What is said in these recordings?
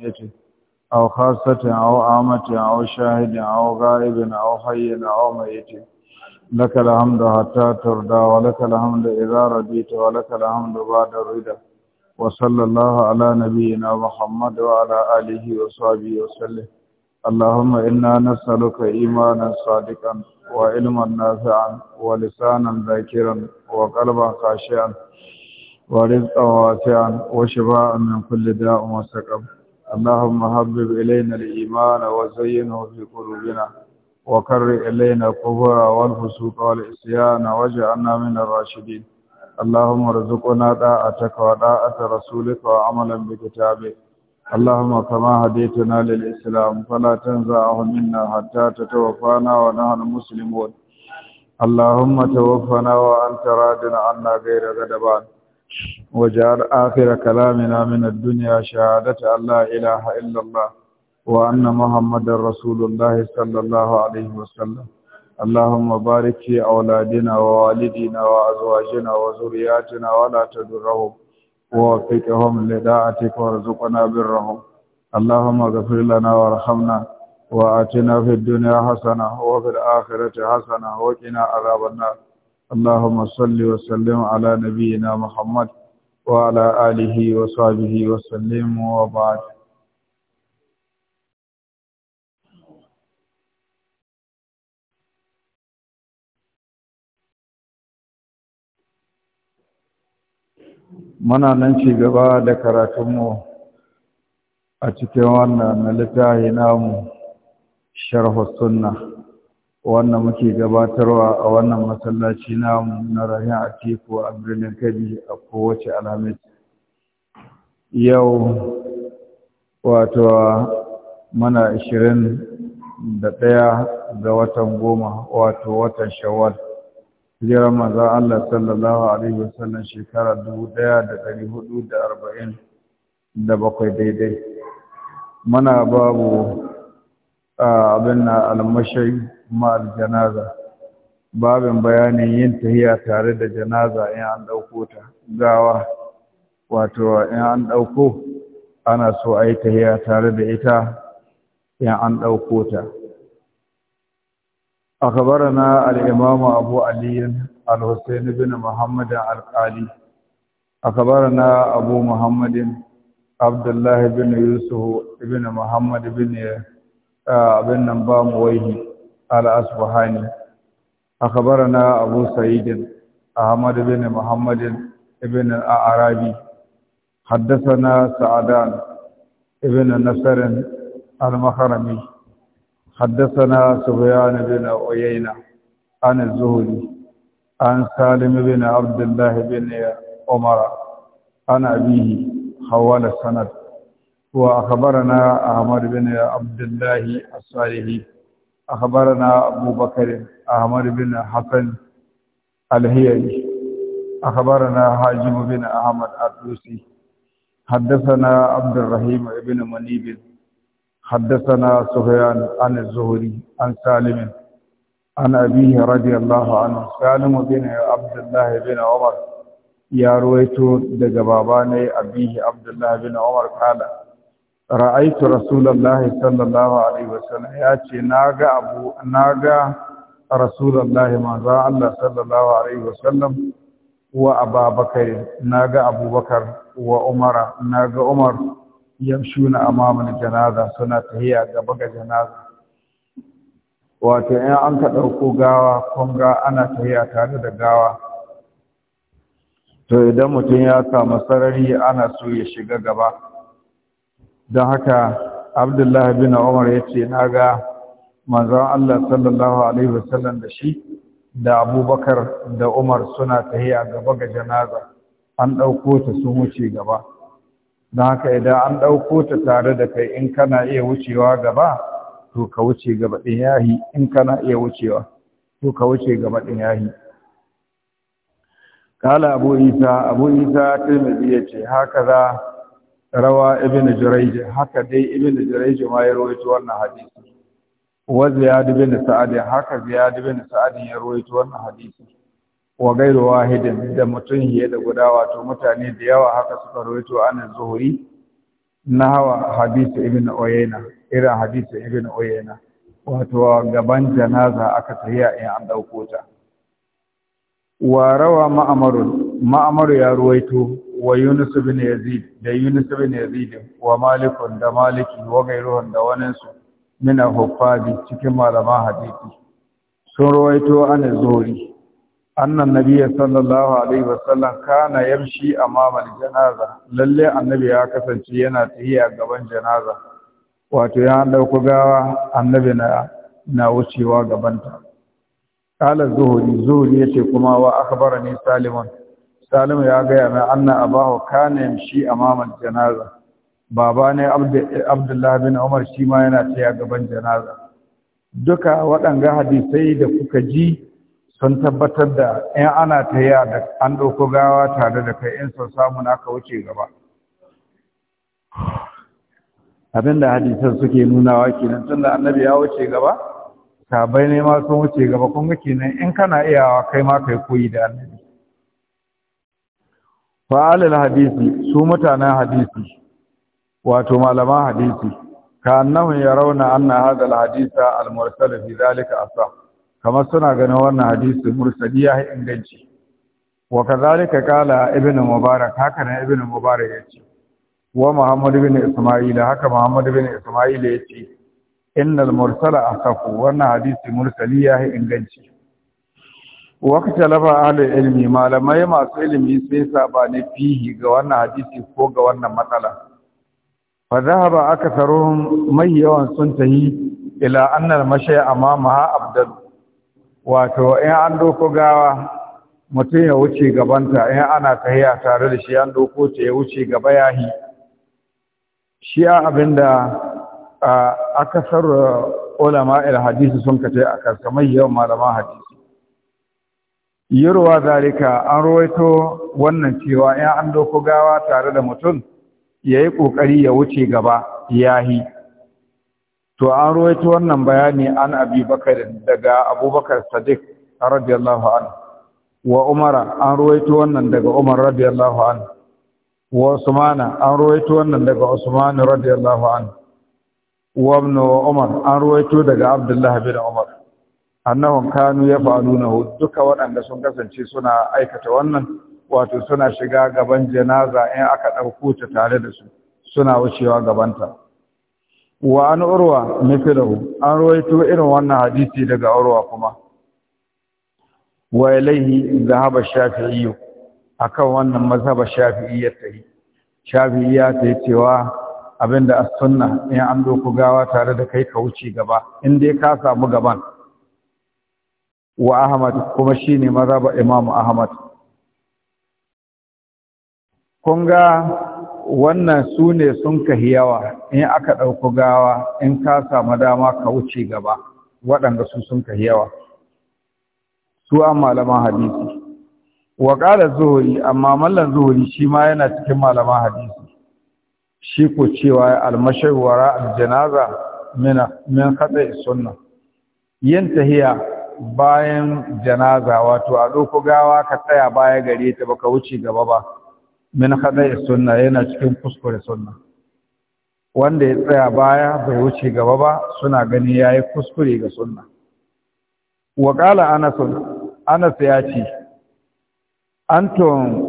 yace aw khasatan aw amatan aw shahidan aw ghaibin aw hayyin aw mayitin laka alhamdu hatta turda wa laka alhamdu idha radita wa laka alhamdu ba'da rida wa sallallahu ala nabiyyina muhammad wa ala alihi wa sahbihi wa sallam allahumma inna nas'aluka imanan sadiqan wa ilman nafi'an wa lisanan dhakiran wa qalban khashi'an wa rizqan wasi'an wa shifaa'an min kulli da'in wa saqab اللهم حبب إلينا الإيمان وزينه في قلوبنا وكر إلينا الكفر والفسوق والعصيان واجعلنا من الراشدين اللهم ارزقنا طاعتك وطاعة رسولك وعملا بكتابك اللهم كما هديتنا للإسلام فلا تنزعه منا حتى تتوفانا ونحن مسلمون اللهم توفنا وأنت راد عنا غير غدبان وجعل آخر كلامنا من الدنيا شهادة أن لا إله إلا الله وأن محمد رسول الله صلى الله عليه وسلم اللهم بارك في أولادنا ووالدنا وأزواجنا وزرياتنا ولا تدرهم ووفقهم لداعتك وارزقنا برهم اللهم اغفر لنا وارحمنا وآتنا في الدنيا حسنة وفي الآخرة حسنة وقنا عذاب النار اللهم صل وسلم على نبينا محمد وعلى آله وصحبه وسلم وبعد muna nan ci gaba da karatunmu a cikin wannan littafi namu sharhu sunna wannan muke gabatarwa a wannan masallaci na na rahin atiku a birnin kabi a kowace alhamis yau wato mana ashirin da ɗaya ga watan goma wato watan shawar hijirar manzan Allah sallallahu Alaihi wasallam shekara dubu ɗaya da ɗari hudu da arba'in da bakwai daidai mana babu abin na almashai ma'al janaza babin bayanin yin tahiya tare da janaza in an dauko ta gawa wato in an dauko ana so a yi tahiya tare da ita in an dauko ta أخبرنا الإمام أبو علي الحسين بن محمد القالي أخبرنا أبو محمد عبد الله بن يوسف بن محمد بن بن بامويه الأصبحاني أخبرنا أبو سعيد أحمد بن محمد بن الأعرابي حدثنا سعدان ابن نصر المخرمي حدثنا سفيان بن عيينة عن الزهري عن سالم بن عبد الله بن عمر عن أبيه حوال السند وأخبرنا أحمد بن عبد الله الصالحي أخبرنا أبو بكر أحمد بن حسن الهيري أخبرنا هاجم بن أحمد الدوسي حدثنا عبد الرحيم بن منيب حدثنا سفيان عن الزهري عن سالم عن أبيه رضي الله عنه سالم بن عبد الله بن عمر يا رويت دجباباني أبيه عبد الله بن عمر قال ra'aitu rasulullahi sallallahu alaihi wasallam ya ce na ga abu na ga rasulullahi manzo Allah sallallahu alaihi wasallam wa ababakar na ga abubakar wa Umar na ga umar yamshuna amaman janaza suna tahiya gaba ga janaza wato in an ka dauko gawa kun ga ana tahiya tare da gawa to idan mutum ya samu sarari ana so ya shiga gaba don haka abdullah bin umar ya ce na ga manzon allah sallallahu alaihi wasallam da shi da abubakar da umar suna tahiya gaba ga janaza an ɗauko ta sun wuce gaba don haka idan an ɗauko ta tare da kai in kana iya wucewa gaba to ka wuce gaba ɗin yahi in kana iya wucewa to ka wuce gaba ɗin yahi kala abu isa abu isa tirmidhi ya ce haka za rawa ibn jurayj haka dai ibn jurayj ma ya rawaito wannan hadisi wa ziyad ibn sa'ad haka ziyad ibn sa'ad ya rawaito wannan hadisi wa gairu wahidin da mutum ya da guda wato mutane da yawa haka suka rawaito anan zuhuri na hawa hadisi ibn uyayna irin hadisi ibn uyayna wato gaban janaza aka tafiya in an dauko ta wa rawa ma'amaru ma'amaru ya rawaito wa Yunus bin Yazid da Yunus bin Yazid wa Malikun da Maliki wa gairuhun da waninsu mina hufadi cikin malaman hadisi sun rawaito an zuri annan nabi sallallahu alaihi wasallam kana yamshi amama janaza lalle annabi ya kasance yana tahiya gaban janaza wato ya dauko gawa annabi na na wucewa gabanta qala zuhuri zuhuri yace kuma wa akhbarani salimun Salimu ya gaya mai anna abahu kana a mamar janaza baba ne abdullahi bin umar shi ma yana taya gaban janaza duka waɗanga hadisai da kuka ji sun tabbatar da in ana yi da an ɗauko gawa tare da kai in sun samu naka wuce gaba abinda hadisan suke nunawa kenan tunda annabi ya wuce gaba sabai ne ma sun wuce gaba kun ga kenan in kana iyawa kai ma kai koyi da annabi fa'alil hadisi su mutanen hadisi wato malaman hadisi ka annahu yarawna anna hadha alhadisa almursal fi zalika asah Kama suna ganin wannan hadisi mursali ya yi inganci wa kadhalika qala ibn mubarak haka ne ibn mubarak yace wa muhammad ibn isma'il haka muhammad ibn isma'il yace innal mursala asahu wannan hadisi mursali ya yi inganci wakata lafa ilmi ilimi malamai masu ilimi sai sabani fihi ga wannan hadisi ko ga wannan matsala fa zahaba aka saruhun mai yawan sun tahi ila annal mashay amamaha abdal wato in an doko gawa mutum ya wuce gabanta in ana tahiya tare da shi an doko ta ya wuce gaba yahi shi a abinda akasar ulama il hadisi sun kace akan kamar yawan malaman hadisi yarwa zalika an rawaito wannan cewa in an doko gawa tare da mutum ya yi ƙoƙari ya wuce gaba ya yi. to an rawaito wannan bayani an abi bakar daga abubakar sadiq radiyallahu an wa umara an rawaito wannan daga umar radiyallahu an wa usmana an rawaito wannan daga usman radiyallahu an wa ibn umar an rawaito daga abdullahi bin umar annahum kanu yaf'alunahu duka waɗanda sun kasance suna aikata wannan wato suna shiga gaban janaza in aka ɗauko ta tare da su suna wucewa gabanta wa an urwa mithluhu an ruwaito irin wannan hadisi daga urwa kuma wa ilaihi dhahaba shafi'i akan wannan mazhaba shafi'i ya tafi shafi'i ya tafi cewa abinda as-sunna in an doko gawa tare da kai ka wuce gaba in dai ka samu gaban wa Ahmad kuma shine mazhab Imam Ahmad kun ga wannan sune sun kahiyawa in aka dauko gawa in ka samu dama ka wuce gaba waɗanda su sun kahiyawa su an malaman hadisi wa qala zuhri amma mallan zuhri shi ma yana cikin malaman hadisi shi ko cewa al wara al-janaza min min khata'i sunnah yin tahiya bayan janaza wato a ɗauko gawa ka tsaya baya gare ta baka wuce gaba ba min haɗa sunna yana cikin kuskure sunna wanda ya tsaya baya bai wuce gaba ba suna gani ya yi kuskure ga sunna wa ƙala anas ya ce anton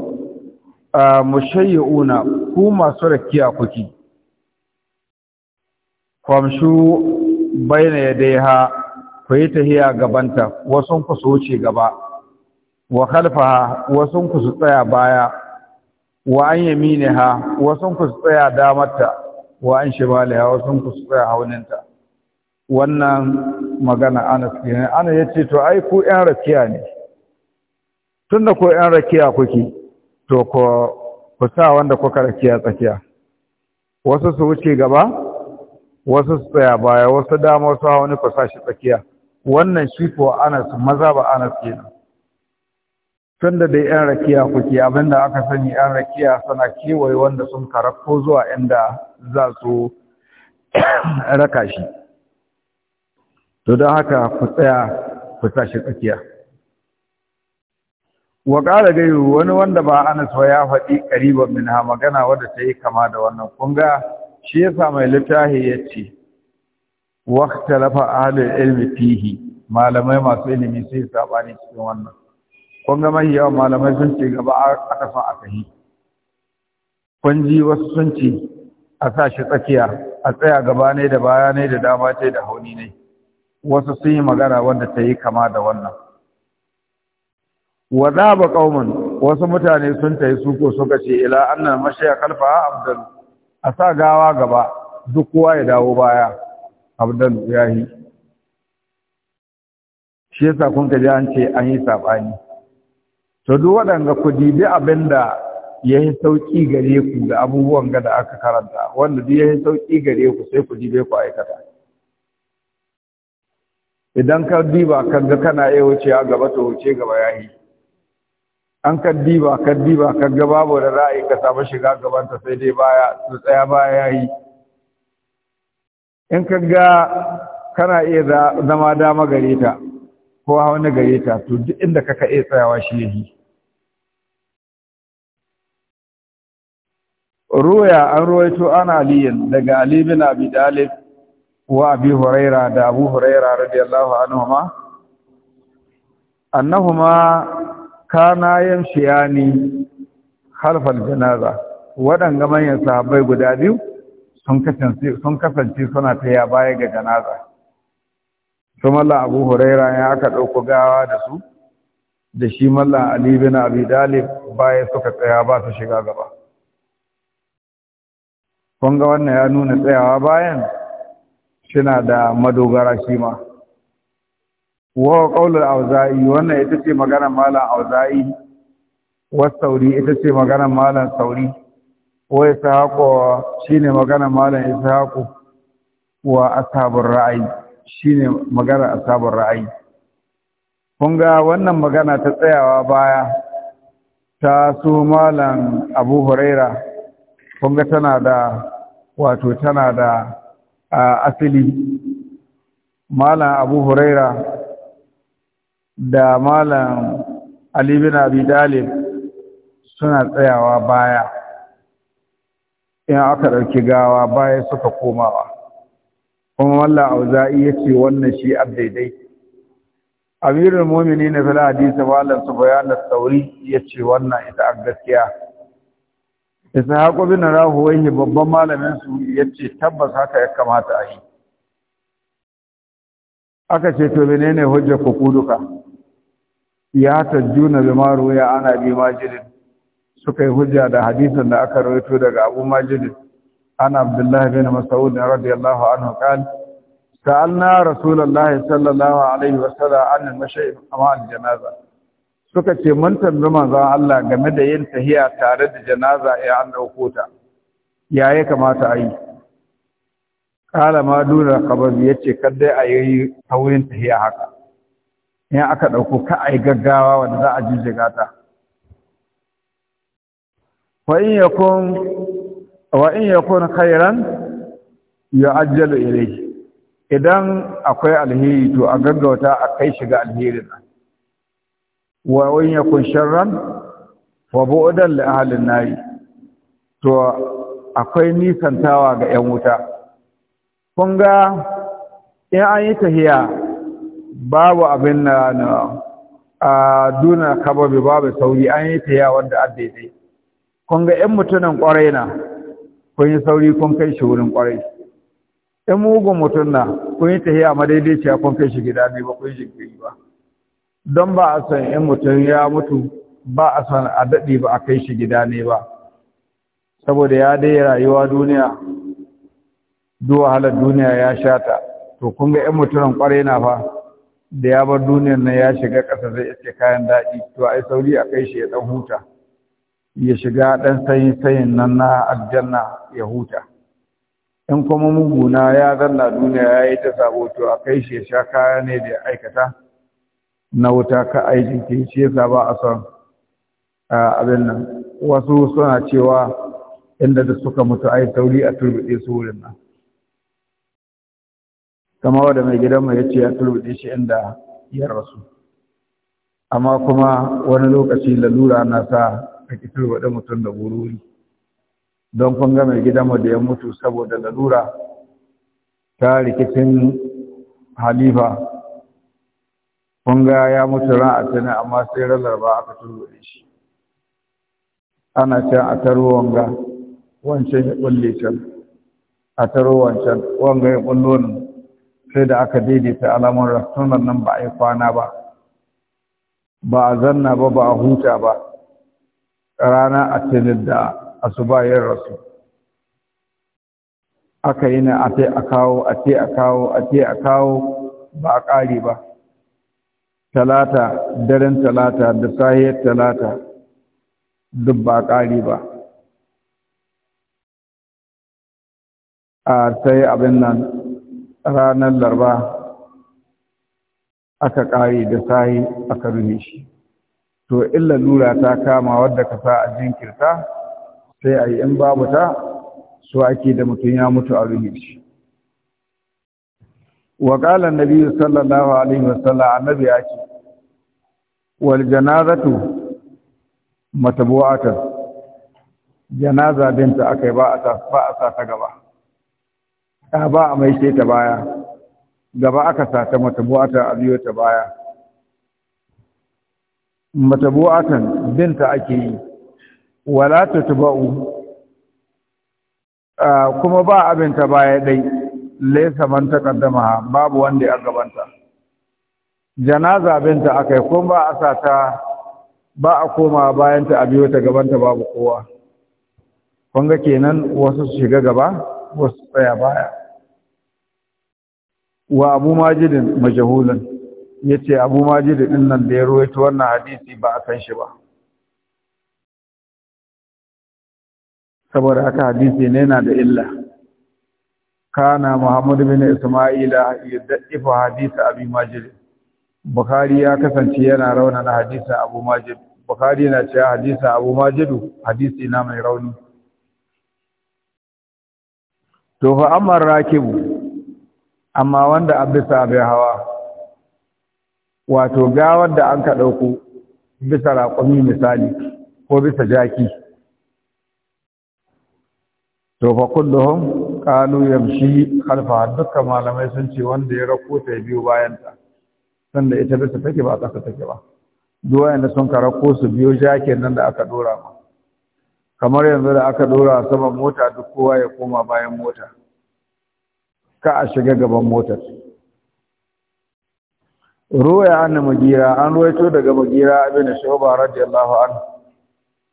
mushayyuna ku masu rakiya kuki kwamshu baina yadaiha ku yi tahiya gabanta wasun ku su wuce gaba wa khalfaha wasun ku su tsaya baya wa an yaminaha wasun ku su tsaya damarta wa an shimaliha wasun ku su tsaya hauninta wannan magana Anas kenan ana yace to ai ku ƴan rakiya ne tunda ku ƴan rakiya kuke to ko ku sa wanda kuka rakiya tsakiya wasu su wuce gaba wasu su tsaya baya wasu dama wasu hawa ne ku sa shi tsakiya wannan shi ko anas maza ba anas kenan tunda dai yan rakiya kuke abinda aka sani yan rakiya suna kewaye wanda sun karafo zuwa inda za su raka shi to don haka ku tsaya ku tashi tsakiya wa kala gairu wani wanda ba anas wa ya faɗi ƙariban min ha magana wadda ta yi kama da wannan kunga shi yasa mai littafi ya ce waqtalafa ahlul ilmi fihi malamai masu ilimi sai sabani cikin wannan kun ga mai yawan malamai sun ce gaba aka fa aka yi kun ji wasu sun ce a sa shi tsakiya a tsaya gaba ne da baya ne da dama ce da hauni ne wasu sun yi magana wanda ta yi kama da wannan wa ba qauman wasu mutane sun tayi su suko suka ce ila annan mashaya kalfa abdul a sa gawa gaba duk kowa ya dawo baya Abdul ya yi shi yasa kun ka ji an ce an yi saɓani to duk waɗanda ku dibi abin da ya yi sauƙi gare ku da abubuwan ga da aka karanta wanda duk ya yi sauƙi gare ku sai ku dibe ku aikata idan ka diba ka ga kana iya wuce a gaba to wuce gaba ya yi an ka diba ka diba ka ga babu da ra'ayi ka samu shiga gabanta sai dai baya su tsaya baya ya yi in ka ga kana iya zama dama gare ta ko wani gare ta to duk inda ka ka iya tsayawa shi yi. ruya an ruwaito ana aliyin daga ali bin abi dalib wa abi huraira da abu huraira radiyallahu anhuma annahuma kana shiyani khalfal janaza waɗanga manyan sahabbai guda biyu sun kasance suna ta ya baya ga janaza su mallan abu huraira ya aka ɗauko gawa da su da shi mallan ali bin baya suka tsaya ba su shiga gaba kun wannan ya nuna tsayawa bayan suna da madogara shi ma wa qaulul auza'i wannan ita ce maganar malam auza'i wasu sauri ita ce maganar malam sauri wa ishaqo shine magana malam ishaqo wa ashabur ra'ayi shine magana ashabur ra'ayi kun ga wannan magana ta tsayawa baya ta su malam Abu Huraira kun ga tana da wato tana da asali malam Abu Huraira da malam Ali bin Abi Talib suna tsayawa baya in aka ɗauki gawa baya suka komawa kuma wallah auza'i ya ce wannan shi abdaidai amirul momini na fila hadisa malam su bayanar sauri ya ce wannan ita a gaskiya isa haƙo bin rahuwaihi babban malamin su ya ce tabbas haka ya kamata a yi aka ce to menene hujjar ku kuduka ya tajjuna bi ma ya ana bi majirin suka yi hujja da hadisin da aka rawaito daga Abu Majid an Abdullah bin Mas'ud radiyallahu anhu qal sa'alna Rasulullah sallallahu alaihi sallam an mashi amma janaza suka ce mun tambayi manzon Allah game da yin tahiya tare da janaza ya an dauko ta ya ya kamata a yi kala ma duna kabazi yace kadai a yi tahiya haka in aka dauko ka ai gaggawa wanda za a jijjiga ta wa in yakun kairan ya yakun ire idan akwai alheri to a gaggauta a kai shiga ga nan. wa in yakun sharran wa bu’udan li ahli na to akwai nisantawa ga yan wuta kun ga in an yi tahiya babu abin na a duna kababi babu sauri an yi tahiya wanda addaidai kun ga ‘yan mutunan ƙwarai na kun yi sauri kun kai shi wurin ƙwarai ‘yan mugun mutum na kun yi tahiya madaidaiciya kun kai shi gida ne ba kun yi jinkiri ba don ba a son ‘yan mutum ya mutu ba a son a daɗi ba a kai shi gida ne ba saboda ya dai rayuwa duniya duwa wahalar duniya ya shata, ta to kun ga ‘yan mutunan ƙwarai na fa da ya bar duniyar nan ya shiga ƙasa zai iske kayan daɗi to ai sauri a kai shi ya ɗan huta ya shiga ɗan sayin-sayin nan na aljanna ya huta in kuma muguna ya zanna duniya ya yi ta sabo a kai shi ya sha kaya ne da ya aikata na wuta ka aiki ke shi ya ba a son abin nan wasu suna cewa inda da suka mutu ai sauri a turbiɗe su wurin nan kama da mai gidanmu ya ce a turbiɗe shi inda ya rasu amma kuma wani lokaci lalura na sa ka ki turbaɗe mutum da wuri don kun ga mai gidanmu da ya mutu saboda lalura ta rikicin halifa kun ga ya mutu ran asini amma sai ran laraba aka da shi ana can a taro wanga wancan ya kulle can a taro wancan wanga ya kullo ne sai da aka daidaita alamun rastunan nan ba a yi kwana ba ba a zanna ba ba a huta ba rana a tilin da bayan rasu aka yi na ate a kawo ate a kawo ate a kawo ba a ƙari ba talata daren talata da sahiyar talata duk ba a ƙari ba a sai abin nan ranar larba aka ƙari da sahi aka rufe shi to illa lura ta kama wadda ka sa a jinkirta sai a yi in babu ta su ake da mutum ya mutu a ruhi shi wa qala annabi sallallahu alaihi wasallam annabi ya ce wal janazatu matbu'atan janaza binta akai ba a ba a sa ta gaba ba a mai ce ta baya gaba aka sa ta matbu'atan a biyo ta baya matabu'atan binta ake yi wala tuba'u. kuma ba abinta baya dai laysa man taqaddama babu wanda ya gabanta janaza binta akai kuma ba a ta ba a koma bayan ta abiyo ta gabanta babu kowa kun ga kenan wasu su shiga gaba wasu tsaya baya wa abu majidin majahulun ya ce abu da ɗin nan da ya ruwaito wannan hadisi ba a kan shi ba saboda haka hadisi ne na da illa kana muhammad bin isma'ila ya fa hadisa abu majid bukhari ya kasance yana raunana hadisa abu majid bukhari na cewa hadisa abu majid hadisi na mai rauni to fa amma rakibu amma wanda abisa bai hawa wato gawar da an ka ɗauko bisa raƙumi misali ko bisa jaki to fa kulluhum kanu yamshi khalfa dukka malamai sun ce wanda ya rako ta biyu bayan ta sanda ita bisa take ba ƙasa take ba duk wanda sun ka rako su biyo jakin nan da aka dora ma kamar yanzu da aka dora saman mota duk kowa ya koma bayan mota ka a shiga gaban motar ruwaya anna mugira an ruwaito daga mugira ibn shuba radiyallahu anhu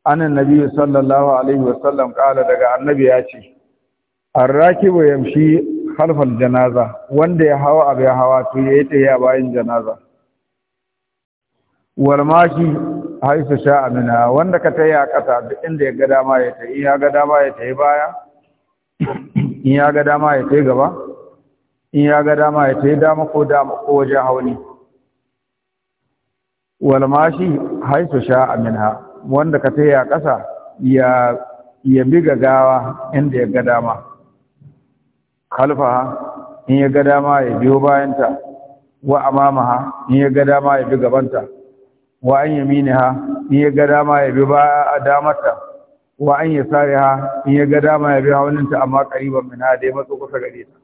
annan nabi sallallahu alaihi wa sallam kala daga annabi ya ce arrakibu yamshi khalfal janaza wanda ya hawa abu ya hawa to yayi ta ya bayan janaza wal mashi haisu sha amina wanda ka ta taya kasa duk inda ya ga dama ya tayi in ya ga dama ya tayi baya in ya ga dama ya tayi gaba in ya ga dama ya tayi dama ko dama ko wajen hauni wal mashi haisu sha'a minha wanda ka taya ƙasa ya ya biga gawa inda ya ga dama khalfa in ya ga dama ya biyo bayanta wa amamaha in ya ga dama ya bi gabanta wa an yaminaha in ya ga dama ya bi ba damarta wa an yasariha in ya ga dama ya bi haulinta amma qariban min ha ya matso kusa gare ta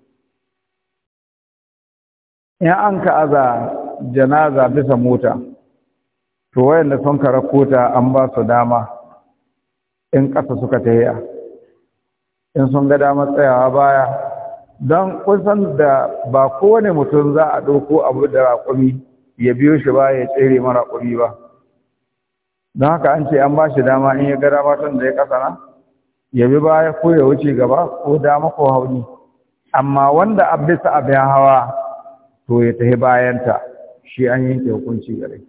in an ka aza janaza bisa mota to wayanda sun ka kota an ba su dama in ƙasa suka tahiya in sun ga damar tsayawa baya don kusan da ba kowane mutum za a ɗauko abu da raƙumi ya biyo shi ba ya tsere mara raƙumi ba don haka an ce an ba shi dama in ya ga damar tun da ya ƙasa na ya bi baya ko ya wuce gaba ko dama ko hauni amma wanda abisa bisa abin hawa to ya tafi bayanta shi an yanke hukunci gare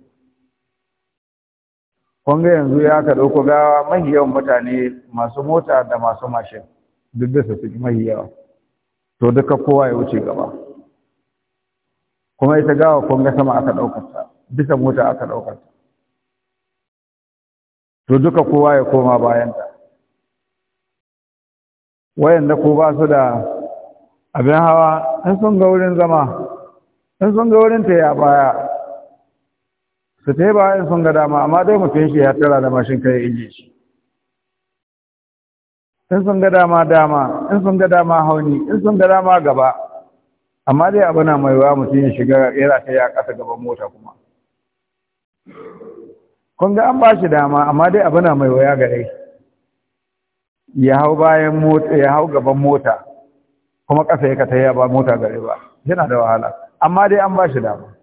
kun ga yanzu ya ka ɗauko gawa mahi yawan mutane masu mota da masu mashin duk da su mahi yawa to duka kowa ya wuce gaba kuma ita gawa kun ga sama aka ɗaukarta bisa mota aka ɗaukarta to duka kowa ya koma bayanta wayanda ko ba su da abin hawa in sun ga wurin zama in sun ga wurin ta ya baya su ta yi bayan sun ga dama amma dai mutum shi ya tara da mashin kai inji shi in sun ga dama dama in sun ga dama hauni in sun ga dama gaba amma dai abu na mai wa mutum ya shiga yana ta yi a ƙasa gaban mota kuma kun ga an ba shi dama amma dai abu na mai waya gare ya hau bayan mota ya hau gaban mota kuma ƙasa ya ka ta yi ba mota gare ba yana da wahala amma dai an ba shi dama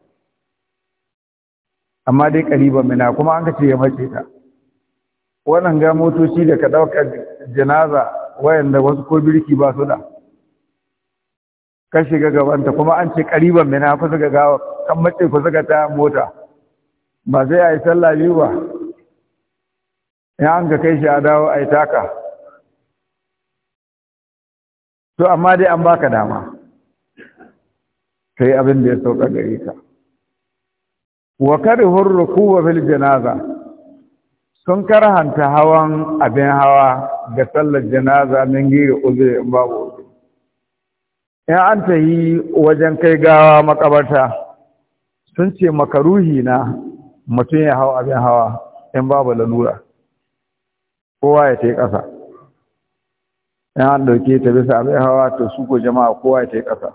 amma dai ƙariban mina kuma an ka ce ya mace ta wannan ga motoci da ka ɗaukar janaza wayanda wasu ko birki ba su da ka shiga gabanta kuma an ce ƙariban mina kusa ga gawa kan mace kusa ga ta mota ba sai a yi sallah biyu ba in an ka kai shi a dawo a yi taka to amma dai an baka dama kai abin da ya sauka gare ka wa karihur rukuwa fil janaza sun karhanta hawan abin hawa da sallar janaza min giri uzu babu uzu in an ta yi wajen kai gawa makabarta sun ce makaruhi na mutum ya hau abin hawa in babu lalura kowa ya ta yi ƙasa in an ɗauke ta bisa abin hawa to su ko jama'a kowa ya ta yi ƙasa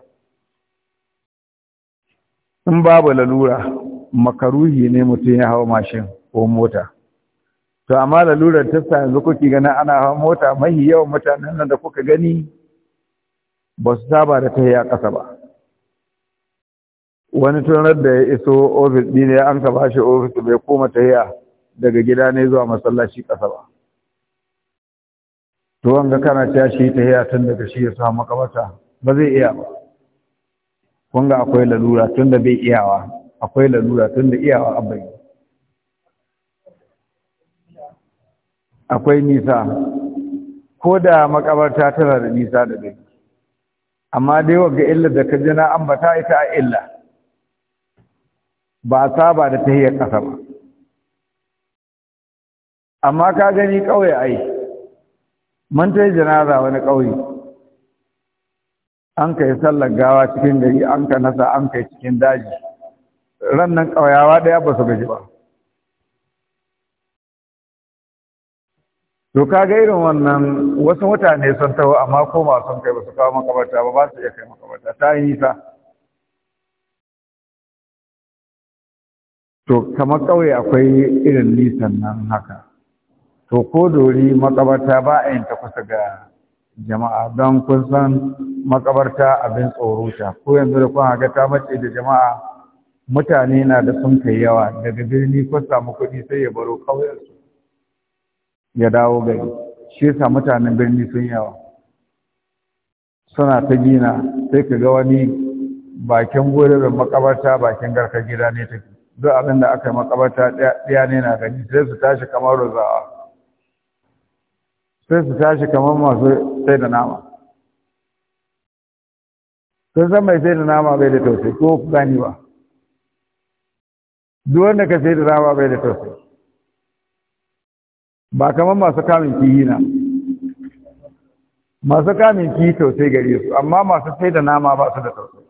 in babu lalura makaruhi ne mutum ya hawa mashin ko mota to amma lalurar sa yanzu kuke ganin ana hawa mota mahi yawan mutanen nan da kuka gani ba su saba da ta ya ƙasa ba wani tunar da ya iso ofis ɗin ya anka ba shi ofis bai koma tahiya daga gida ne zuwa masallaci ƙasa ba to wanga kana ta shi tahiya tun daga shi ya samu kamata ba zai iya ba kun akwai lalura tun da bai iyawa akwai lalura tun da iyawa abai akwai nisa ko da makabarta tana da nisa da dai amma dai wagga illar da kaji na ambata ita a illa ba saba da ta hiyar ƙasa ba amma ka gani ƙauye ai mun tai janaza wani ƙauye an kai sallar gawa cikin gari an ka nasa an kai cikin daji ran nan ƙauyawa ɗaya ba su gaji ba to ga irin wannan wasu mutane sun taho amma ko sun kai ba su kawo makabarta ba ba su iya kai makabarta ta yi nisa to kamar ƙauye akwai irin nisan nan haka to ko dori makabarta ba a yin ta kusa ga jama'a don kun san makabarta abin tsoro ta ko yanzu da kun haka ta mace da jama'a mutane na da sun kai yawa daga birni ko samu kuɗi sai ya baro ƙauyensu ya dawo gari shi sa mutanen birni sun yawa suna ta gina sai ka ga wani bakin gurin makabarta bakin garkar gida ne take duk abin da aka yi makabarta ɗaya ne na gani sai su tashi kamar rozawa sai su tashi kamar masu sai da nama sun san mai sai da nama bai da tausayi ko gani ba duk wanda ka sai da rawa bai da tausayi ba kamar masu kamun kihi na masu kamun kihi tausayi gare su amma masu sai da nama ba su da tausayi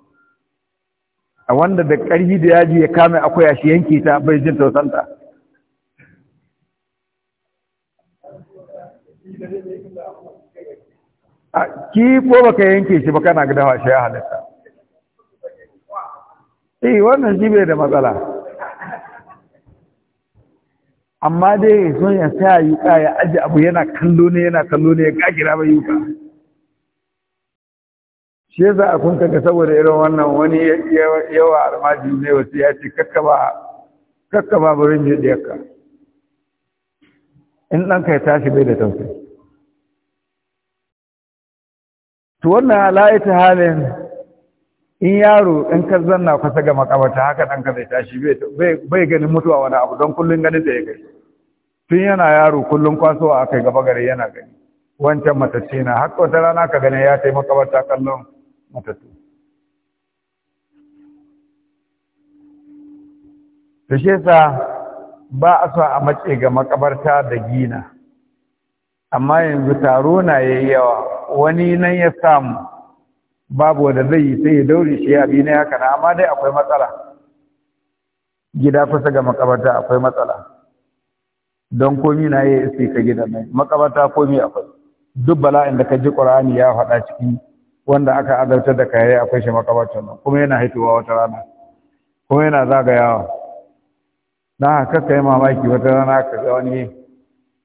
a wanda da ƙarfi da yaji ya kame akwai a shi yanke ta bai jin tausanta ki ko baka yanke shi ba kana ga shi ya halitta eh wannan shi bai da matsala amma dai ya son ya sa yuka ya aji abu yana kallo ne yana kallo ne ya kagira mai yuka shi yasa a kun kaga saboda irin wannan wani yawa almajiri ne wasu ya ce kakkaba kakkaba barin je diyarka in ɗanka ya tashi bai da tausayi to wannan ala halin in yaro in ka zanna kusa ga makabarta haka ka zai tashi bai ganin mutuwa wani abu don kullum ganin da ya gani tun yana yaro kullum kwasowa aka yi gaba gari yana gani wancan matacce na har wata rana ka gani ya taimaka makabarta kallon matattu da shi sa ba a so a mace ga makabarta da gina amma yanzu taro na yayi yawa wani nan ya samu babu wanda zai yi sai ya daure shi ya bi na ya kana amma dai akwai matsala gida kusa ga makabarta akwai matsala don komi na yi iske ka gida mai makabarta komi akwai duk bala'in da ka ji ƙur'ani ya faɗa ciki wanda aka azabtar da kayayi akwai shi makabarta nan kuma yana haituwa wata rana kuma yana zagayawa na haka ka yi mamaki wata rana ka ga wani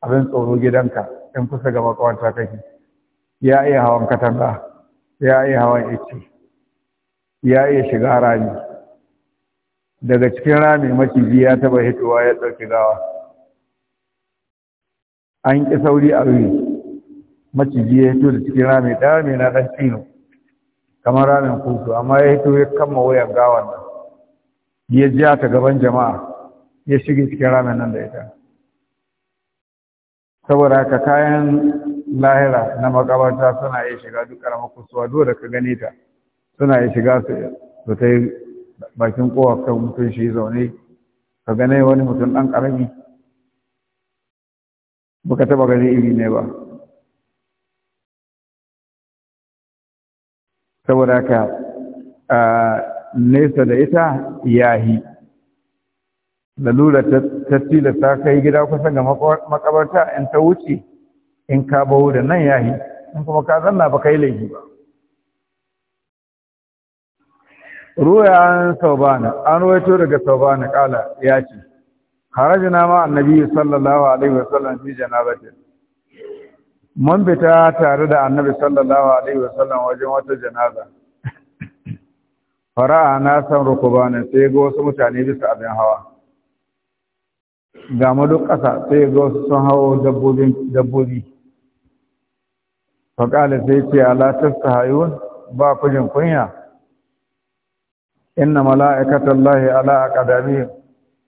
abin tsoro gidanka in kusa ga makabarta kake ya iya hawan katanga ya iya hawan ice ya iya shiga rami daga cikin rami maciji ya taba hitowa ya ɗauki gawa an ƙi sauri a wuri maciji ya hito da cikin rami ɗaya mai na ɗan tsino kamar ramin kusu amma ya hito ya kama wayan gawan nan ya ja ta gaban jama'a ya shige cikin ramin nan da ita saboda haka kayan lahira na makabarta suna iya shiga duk karamar kusurwa dole ka gane ta suna iya shiga su ta yi bakin kowa kan mutum shi zaune ka gane wani mutum ɗan ƙarami baka taba gani iri ne ba saboda ka nesa da ita yahi lalura ta tilasta kai gida kusa ga makabarta in ta wuce in ka bawo da nan yahi in kuma ka zanna ba kai laifi ba ruwaya an saubana an ruwaito daga saubana kala ya ce harajina ma annabi sallallahu alaihi wasallam fi janabati mun fita tare da annabi sallallahu alaihi wasallam wajen wata janaza fara'a na san rukubana sai ga wasu mutane bisa abin hawa ga mu duk ƙasa sai ga wasu sun hawo dabbobi faƙala sai ce ala tastahayun ba ku jin kunya inna mala'ikatallahi ala aqdamihim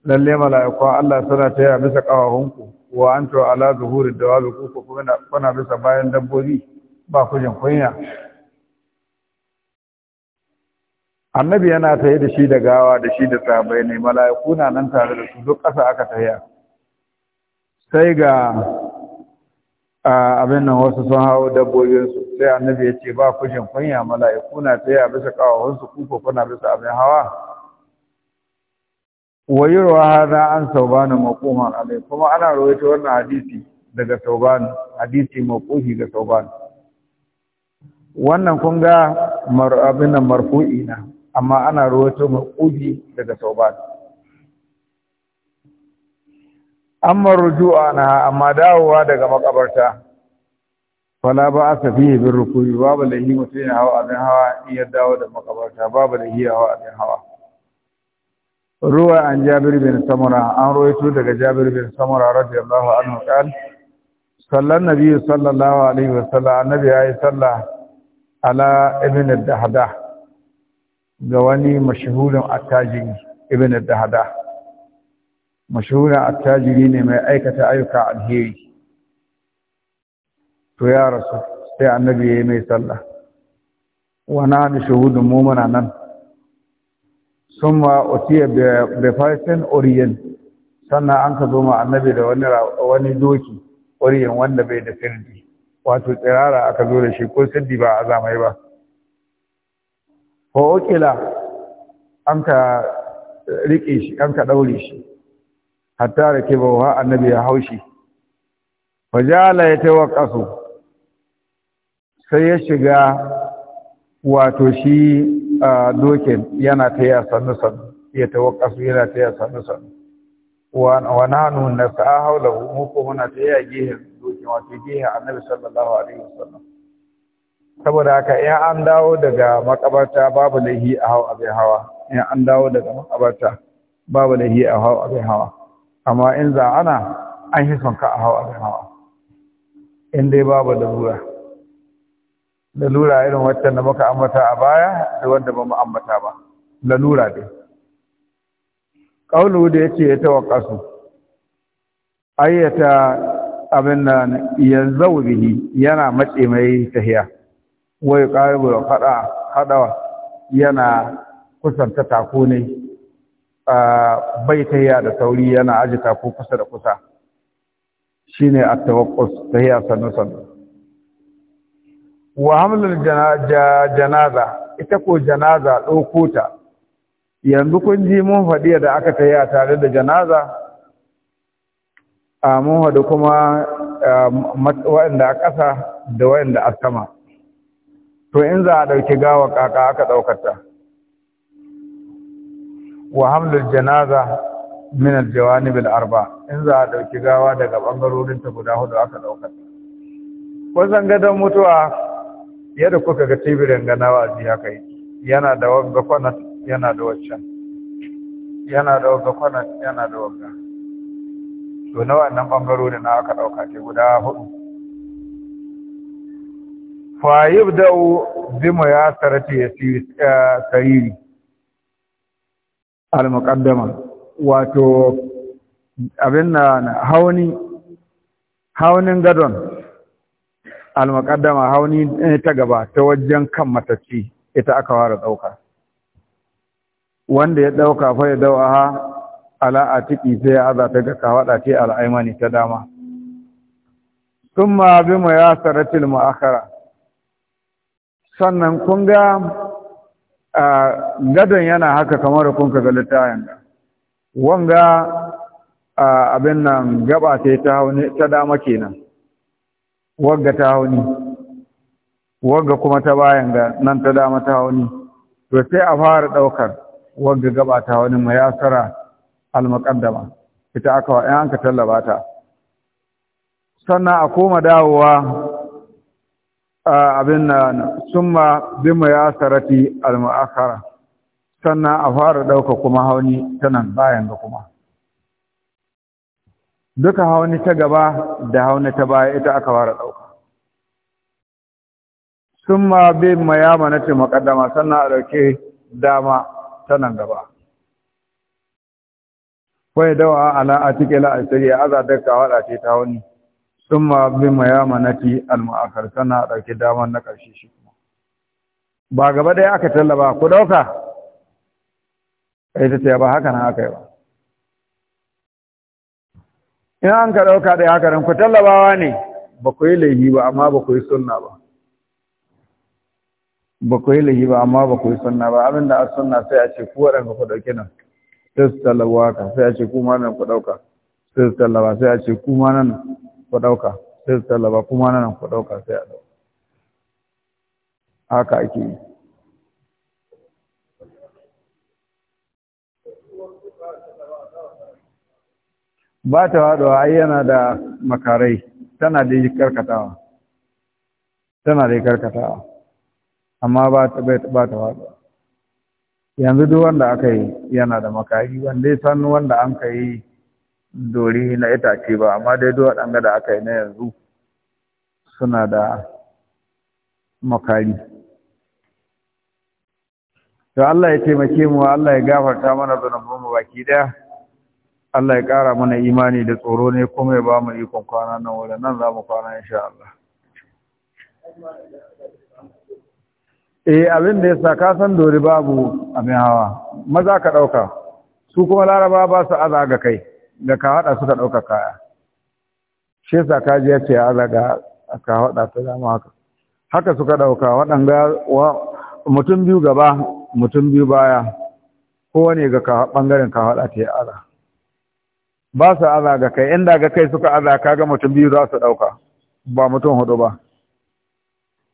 lalle mala'iku Allah suna taya bisa kawahunku wa antu ala zuhuri dawabi ku kuna bisa bayan dabbobi ba ku kunya annabi yana tayi da shi da gawa da shi da sahabbai ne mala'iku na nan tare da su duk ƙasa aka tafiya sai ga abin nan wasu sun hawo dabbobinsu sai annabi ya ce ba kushin kunya mala'iku na tsaye a bisa kawahunsu kuko kuna bisa abin hawa wa yurwa hadha an sauban maquma alai kuma ana rawaito wannan hadisi daga sauban hadisi maquhi ga sauban wannan kun ga abin nan marfu'i na amma ana rawaito maquhi daga sauban amma rujua na amma dawowa daga makabarta Wala ba aka fiye bin rukuri babu lahi mutum yana hawa abin hawa in ya dawo da makabarta babu lahi a hawa abin hawa ruwa an jabir bin samura an roito daga jabir bin samura radiyallahu anhu qal sallan nabi sallallahu alaihi wasallam annabi yi sallah ala ibn ad-dahdah ga wani mashhurin attajin ibn ad-dahdah mashahurin attajiri ne mai aikata ayyuka alheri to ya rasu sai annabi ya yi mai sallah wana da shahudun mu nan sun ma otiya befaisen oriyan sannan an ka zo ma annabi da wani doki oriyan wanda bai da sirdi wato tsirara aka zo da shi ko sirdi ba a zamai ba ko an ka riƙe shi an ka ɗaure shi hatta ke ba wa annabi ya haushi fajala ya tawaqqasu sai ya shiga wato shi dokin yana ta ya sannu sannu ya tawaqqasu yana ta ya sannu sannu wa nanu nasa'a haula mu ko muna ta ya gehen dokin wato gehen annabi sallallahu alaihi wasallam saboda haka in an dawo daga makabarta babu lahi a hau abin hawa in an dawo daga makabarta babu lahi a hau abin hawa amma in za ana an yi son ka a hawa da hawa in dai babu lalura lalura irin wacce da muka ambata a baya da wanda ba mu ambata ba lalura dai ƙaunu da ya ce ya tawakasu ayyata abin da ya zau bihi yana matse mai tahiya wai ƙaribu da haɗawa yana kusanta taku ne bai da sauri yana ajita ko kusa da kusa shine at-tawaqqus tahiya sannu sannu wa hamlul janaza ita ko janaza ɗauko ta yanzu kun ji mun faɗi da aka ta tahiya tare da janaza a mun haɗu kuma waɗanda a ƙasa da waɗanda a sama to in za a ɗauki gawa kaka aka ɗaukata. wa hamlul janaza min aljawanib arba in za a dauki gawa daga bangarorin ta guda hudu aka dauka kun gadon mutuwa yadda kuka ga tibirin ganawa ji haka kai yana da wagga kwana yana da waccan yana da wagga kwana yana da wagga to na wannan bangarorin na aka dauka ke guda hudu fa yabda bi muyasarati yasiri eh, al-muqaddama wato abin na hauni haunin gadon al-muqaddama hauni eh, ta gaba ta wajen kan matacci ita aka fara dauka wanda ya dauka fa ya dawaha ala atiki sai ya aza ta ga kawada ce al-aymani ta dama thumma bi yasaratil mu'akhara sannan kun ga gadon yana haka kamar kun ka ga littafin da wanga abin nan gaba sai ta hauni ta dama kenan wagga ta hauni wagga kuma ta bayan ga nan ta dama ta hauni to sai a fara daukar wagga gaba ta hauni mayasara al almakaddama ita aka wa 'yan ka tallaba ta sannan a koma dawowa abin na summa bi sarati al-mu'akhara sannan a fara dauka kuma hauni ta nan bayan ga kuma duka hauni ta gaba da hauni ta baya ita aka fara dauka summa bi mayamanati muqaddama sannan a dauke dama ta nan gaba wai dawa ala atikila asiri azadaka wala ce ta hauni sun ma bin mayama na ki alma'akar sana ɗauki damar na ƙarshe shi kuma ba gaba ɗaya aka tallaba ku ɗauka Ƙaita ce ba haka na aka yi ba in an ka ɗauka ɗaya haka nan ku tallabawa ne ba ku yi laihi ba amma ba ku yi sunna ba ba ku yi laihi ba amma ba ku yi sunna ba da a sunna sai a ce ku waɗanda ku ɗauki nan sai su tallabawa ka sai a ce ku ma nan ku ɗauka sai su tallaba sai a ce ku ma nan ku ɗauka sai su tallaba kuma nan ku ɗauka sai a ɗauka haka ake yi ba ta haɗuwa ai yana da makarai tana da yi karkatawa tana da yi karkatawa amma ba ta haɗuwa yanzu duk wanda aka yi yana da makari wanda ya san wanda an ka yi dori na itace ba amma dai duk waɗanda da aka yi na yanzu suna da makari to Allah ya taimake mu Allah ya gafarta mana zanubin mu baki daya Allah ya ƙara mana imani da tsoro ne kuma ya ba mu ikon kwana nan wurin nan za mu kwana insha Allah eh abin da yasa ka san dori babu abin hawa maza ka ɗauka su kuma laraba ba su aza ga kai da ka haɗa suka ɗauka kaya shi sa ka ji ya ce ya zaga ka haɗa ta dama haka haka suka ɗauka wa mutum biyu gaba mutum biyu baya kowane ga ɓangaren ka haɗa ta ya aza ba su aza ga kai inda ga kai suka aza kaga mutum biyu za su ɗauka ba mutum hudu ba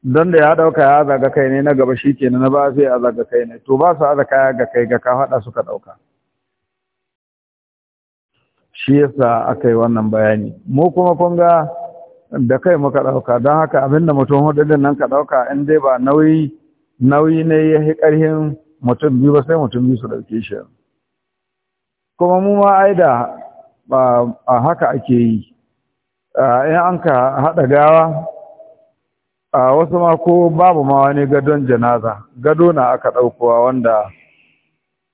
don da ya ɗauka ya aza ga kai ne na gaba shi ke na ba sai aza ga kai ne to ba su aza kaya ga kai ga ka suka ɗauka shi yasa aka yi wannan bayani mu kuma kun ga da kai muka ɗauka don haka abin da mutum hudu din nan ka ɗauka in dai ba nauyi nauyi ne ya yi ƙarhin mutum biyu ba sai mutum biyu su ɗauke shi kuma mu ma ai da a haka ake yi in an ka haɗa gawa a wasu ma ko babu ma wani gadon janaza gado na aka ɗaukowa wanda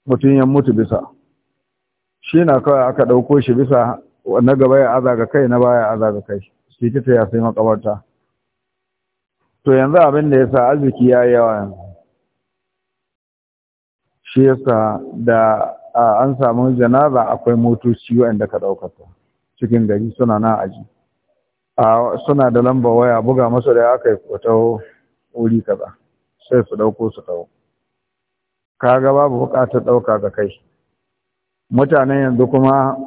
mutum ya mutu bisa shi na kawai aka ɗauko shi bisa na gaba ya aza ga kai na baya aza ga kai shi ta ya sai makabarta to yanzu abin da ya sa arziki ya yi yawa yanzu shi ya sa da an samu janaza akwai motoci wanda ka ɗaukata cikin gari suna na aji suna da lamba waya buga masu da aka kai kwato wuri kaza sai su ɗauko su ɗau ga babu buƙatar ɗauka ga kai Mutane yanzu kuma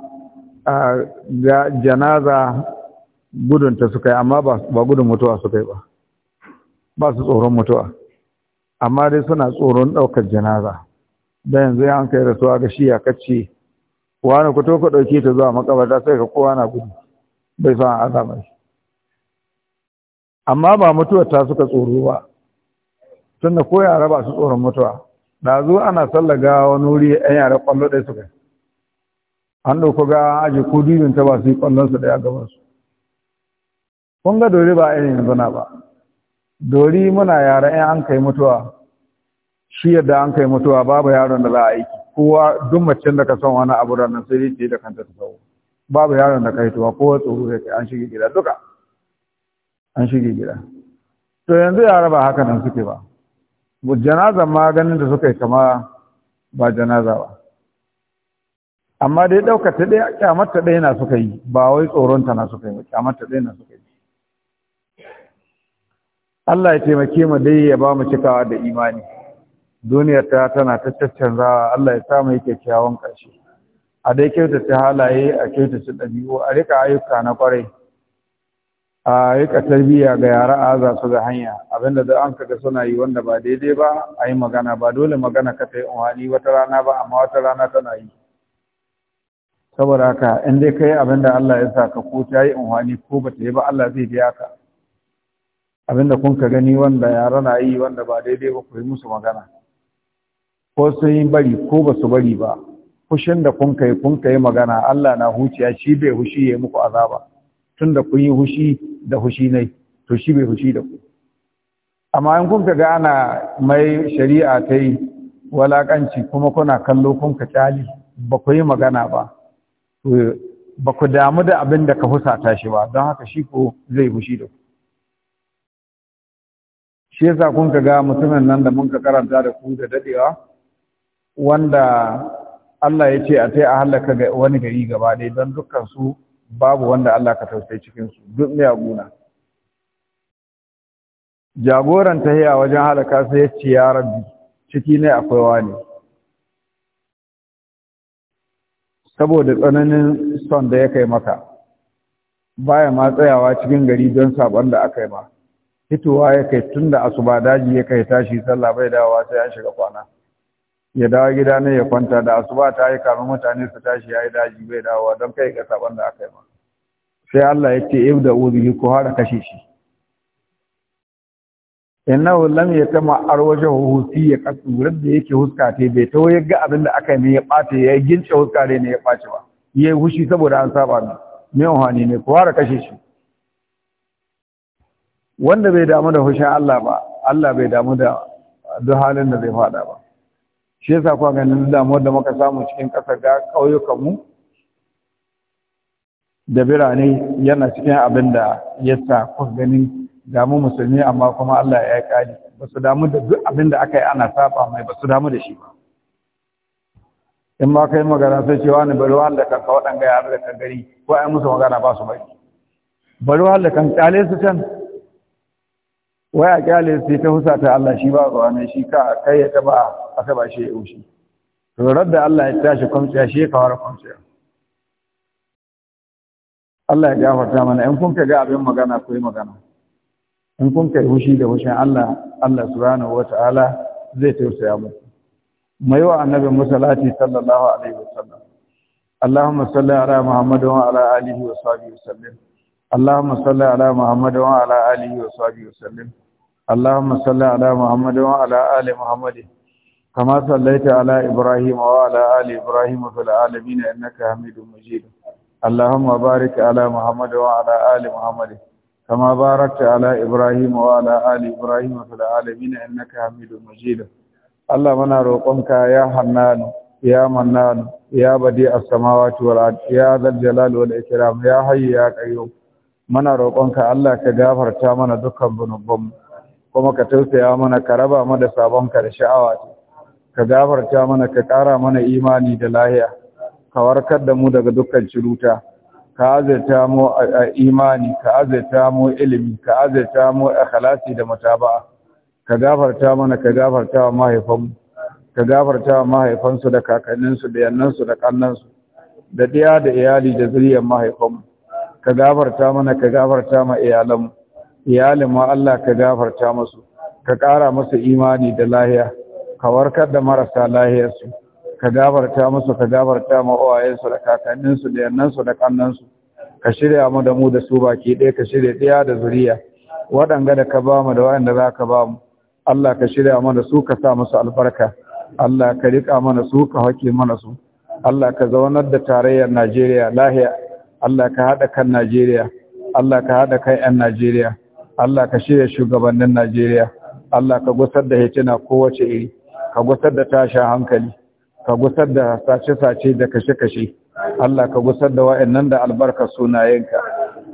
ga janaza gudunta suka yi amma ba gudun mutuwa suka yi ba ba su tsoron mutuwa amma dai suna tsoron ɗaukar janaza da yanzu ya hankali da suwa ga shi ya kacce wani ku ka ɗauke ta zuwa makabarta sai ka kowa na gudu bai sa azama shi amma ba mutuwa ta suka tsoro ba tunda ko yara ba su tsoron mutuwa da zuwa ana sallaga wani wuri 'yan yara kwallo ɗaya suka yi an ɗauko ga aji ko dubin ta ba su yi ƙwallonsa ya gaba su kun ga dori ba irin yanzu na ba dori muna yara in an kai mutuwa shi yadda an kai mutuwa babu yaron da za a aiki kowa duk macen da ka son wani abu da nan sai dai da kanta ta tsawo babu yaron da ka hituwa kowa tsoro ya kai an shige gida duka an shige gida to yanzu yara ba haka nan suke ba janazan ma ganin da suka yi kama ba janaza ba amma dai daukar ta ɗaya kyamar ta ɗaya na suka yi ba wai tsoron ta na suka yi ba kyamar ta ɗaya na suka yi Allah ya taimake mu dai ya ba mu cikawa da imani duniya ta tana ta caccanzawa Allah ya sa mu yake kyawun ƙarshe a dai kyautata halaye a kyautata ɗabi'u a rika ayyuka na kwarai a rika tarbiyya ga yara a za su ga hanya abinda da an kaga suna yi wanda ba daidai ba a yi magana ba dole magana ka ta yi wata rana ba amma wata rana tana yi saboda haka in dai kai abin da Allah ya sa ka, ko ta yi unhwani ko ba ta yi ba Allah zai biya ka abin da kun ka gani wanda yara na yi wanda ba daidai ba ku yi musu magana ko sun yi bari ko ba su bari ba fushin da kun kai kun kai magana Allah na huciya shi bai hushi ya yi muku azaba tun da kun yi hushi da hushi ne to shi bai hushi da ku amma in kun ka ga ana mai shari'a ta yi walakanci kuma kuna kallo kun ka kyali ba ku yi magana ba ba ku damu da abin da ka husata shi ba don haka shi ko zai fushi da ku shi yasa kun ka ga mutumin nan da mun ka karanta da ku da dadewa wanda Allah ya ce a tai a halaka ga wani gari gaba ɗaya don dukkan su babu wanda Allah ka tausayi cikin su duk miyaguna jagoran tahiya wajen halaka sai ya ce ya rabbi ciki ne akwai wani saboda tsananin son da ya kai maka baya ma tsayawa cikin gari don sabon da aka yi ma fitowa ya kai tun da asuba daji ya kai tashi sallah bai dawowa sai ya shiga kwana ya dawo gida ne ya kwanta da asuba ta yi kamar mutane su tashi ya yi daji bai dawowa don kai ga sabon da aka yi ma sai Allah ya ce ibda uzihi ko har kashe shi innahu lam yatama arwajahu fi yaqsu da yake huska te bai to ga abin da aka ne ya bace ya gince huska ne ya bace ba yayi hushi saboda an saba ne me wani ne ko har kashe shi wanda bai damu da hushin Allah ba Allah bai damu da duk halin da zai fada ba shi yasa kuwa ganin damuwar da muka samu cikin kasar ga kauyukan mu da birane yana cikin abin da yasa kuka ganin Damu musulmi amma kuma Allah ya yi kali ba su damu da duk abin da aka yi ana saba mai ba su damu da shi ba in ma kai magana sai cewa ni bari wanda kan ka waɗanga ya da kan gari ko ai musu magana ba su bari bari da kan kyale su can wai a kyale su ta husa ta Allah shi ba zuwa ne shi ka kai ya taba aka ba shi ya yi to radda Allah ya tashi kwamciya shi ya kawar kwamciya Allah ya gafarta mana in kun ka ga abin magana ku yi magana in kun kai hushi da hushin Allah Allah subhanahu wata'ala zai tausaya muku mai wa annabi musallati sallallahu alaihi wasallam Allahumma salli ala Muhammad wa ala alihi wa sahbihi wasallim Allahumma salli ala Muhammad wa ala alihi wa sahbihi wasallim Allahumma salli ala Muhammad wa ala ali Muhammad كما صليت على ابراهيم وعلى ال ابراهيم في العالمين انك حميد مجيد اللهم بارك على محمد وعلى ال محمد وعلى كما باركت على إبراهيم وعلى آل naka Hamidu العالمين Allah حميد مجيد اللهم منا ya يا حنان يا منان يا بديع السماوات والأرض يا ذا الجلال والإكرام يا حي يا قيوم muna roƙonka Allah ka gafarta mana dukkan zunubanmu kuma ka tausaya mana ka raba mu da sabonka da sha'awa ka gafarta mana ka ƙara mana imani da lahiya ka warkar da mu daga dukkan ciruta ka azata mu imani ka azata mu ilimi ka azata mu akhlasi da mutaba'a ka gafarta mana ka gafarta wa mahaifanmu ka gafarta wa mahaifansu da kakanninsu da yannansu da kannansu da ɗiya da iyali da zuriyar mahaifanmu ka gafarta mana ka gafarta ma iyalanmu iyalin ma Allah ka gafarta musu ka kara musu imani da lahiya ka warkar da marasa lahiyarsu ka gabarta musu ka gabarta ma uwayensu da kakanninsu da yannansu da kannansu ka shirya mu da mu da su baki ɗaya ka shirya ɗaya da zuriya waɗanga da ka ba mu da waɗanda za ka ba mu Allah ka shirya mana su ka sa musu albarka Allah ka riƙa mana su ka hake mana su Allah ka zaunar da tarayyar Najeriya lahiya Allah ka haɗa kan Najeriya Allah ka haɗa kan 'yan Najeriya Allah ka shirya shugabannin Najeriya Allah ka gusar da hitina kowace iri ka gusar da tashin hankali ka gusar da sace-sace da kashe-kashe Allah ka gusar da wa'annan da albarka sunayenka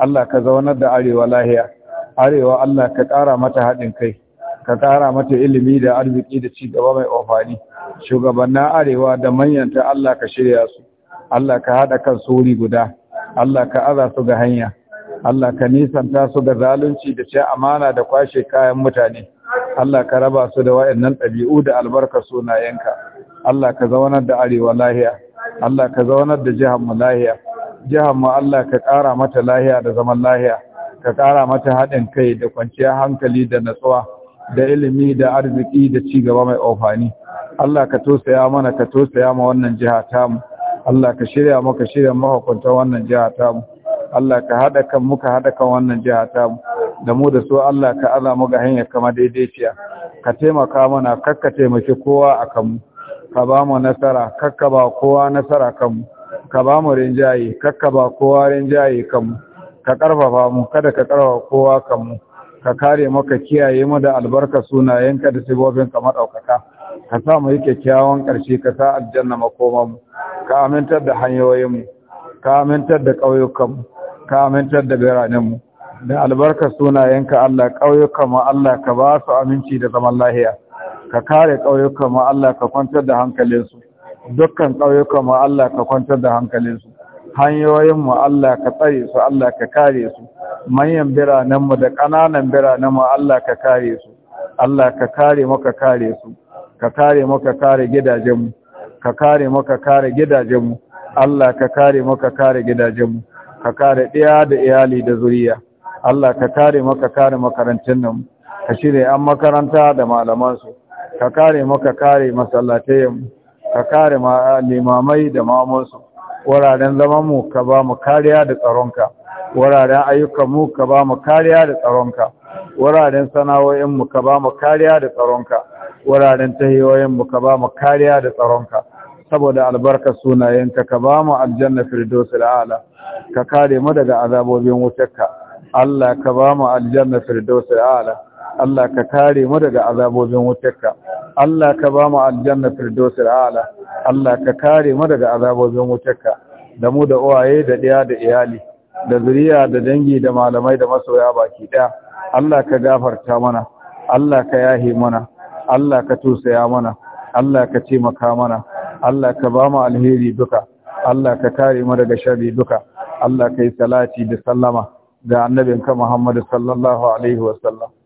Allah ka zaunar da arewa lahiya arewa Allah ka ƙara mata haɗin kai ka ƙara mata ilimi da arziki da ci gaba mai amfani shugabannin arewa da manyanta Allah ka shirya su Allah ka haɗa kan suri guda Allah ka aza su ga hanya Allah ka nisanta su ga zalunci da ce amana da kwashe kayan mutane Allah ka raba su da wa'annan ɗabi'u da albarka sunayenka Allah ka zaunar da arewa lahiya Allah ka zaunar da jihar mu lahiya jihar mu Allah ka ƙara mata lahiya da zaman lahiya ka ƙara mata haɗin kai da kwanciyar hankali da natsuwa da ilimi da arziki da ci gaba mai amfani Allah ka tosaya mana ka tosaya ma wannan jiha mu. Allah ka shirya maka shirya mahukunta wannan jiha mu. Allah ka haɗa kan muka haɗa kan wannan jiha mu. da mu da su Allah ka ala mu ga hanyar kama daidaiciya ka taimaka mana kakka taimaki kowa a kanmu ka ba mu nasara kakka ba kowa nasara kanmu ka ba mu rinjaye kakka ba kowa rinjaye kanmu ka karfafa mu kada ka karfafa kowa kanmu ka kare mu ka kiyaye mu da albarka sunayenka da sibobin ka madaukaka ka sa mu yi kyakkyawan ƙarshe ka sa aljanna makoman mu ka amintar da hanyoyin ka amintar da ƙauyukanmu, ka amintar da biranen da albarka sunayenka Allah ƙauyukanmu Allah ka ba su aminci da zaman lahiya ka kare ƙauyukan mu Allah ka kwantar da hankalinsu dukkan ƙauyukan mu Allah ka kwantar da hankalinsu hanyoyin mu Allah ka tsare su Allah ka kare su manyan biranen mu da ƙananan biranen mu Allah ka kare su Allah ka kare mu ka kare su ka kare mu ka kare gidajen mu ka kare mu ka kare gidajen mu Allah ka kare mu ka kare gidajen mu ka kare ɗaya da iyali da zuriya Allah ka kare maka kare makarantun nan ka shirya an makaranta da malamansu ka kare maka kare masallatayen ka kare limamai da mamansu wuraren zamanmu ka ba mu kariya da tsaronka wuraren ayyukanmu ka ba mu kariya da tsaronka wuraren sana'o'inmu ka ba mu kariya da tsaronka wuraren tahiyoyinmu ka ba mu kariya da tsaronka saboda albarka sunayenka ka ba mu aljanna firdausul a'la ka kare mu daga azabobin wutarka Allah ka ba mu aljanna firdausul a'la Allah ka kare mu daga azabobin wutarka Allah ka ba mu aljanna firdausul a'la Allah ka kare mu daga azabobin wutarka da mu da uwaye da ɗaya da iyali da zuriya da dangi da malamai da masoya baki ɗaya. Allah ka gafarta mana Allah ka yahi mana Allah ka tusaya mana Allah ka taimaka mana Allah ka ba mu alheri duka Allah ka kare mu daga sharri duka Allah ka yi salati da sallama ga annabinka Muhammad sallallahu alaihi wasallam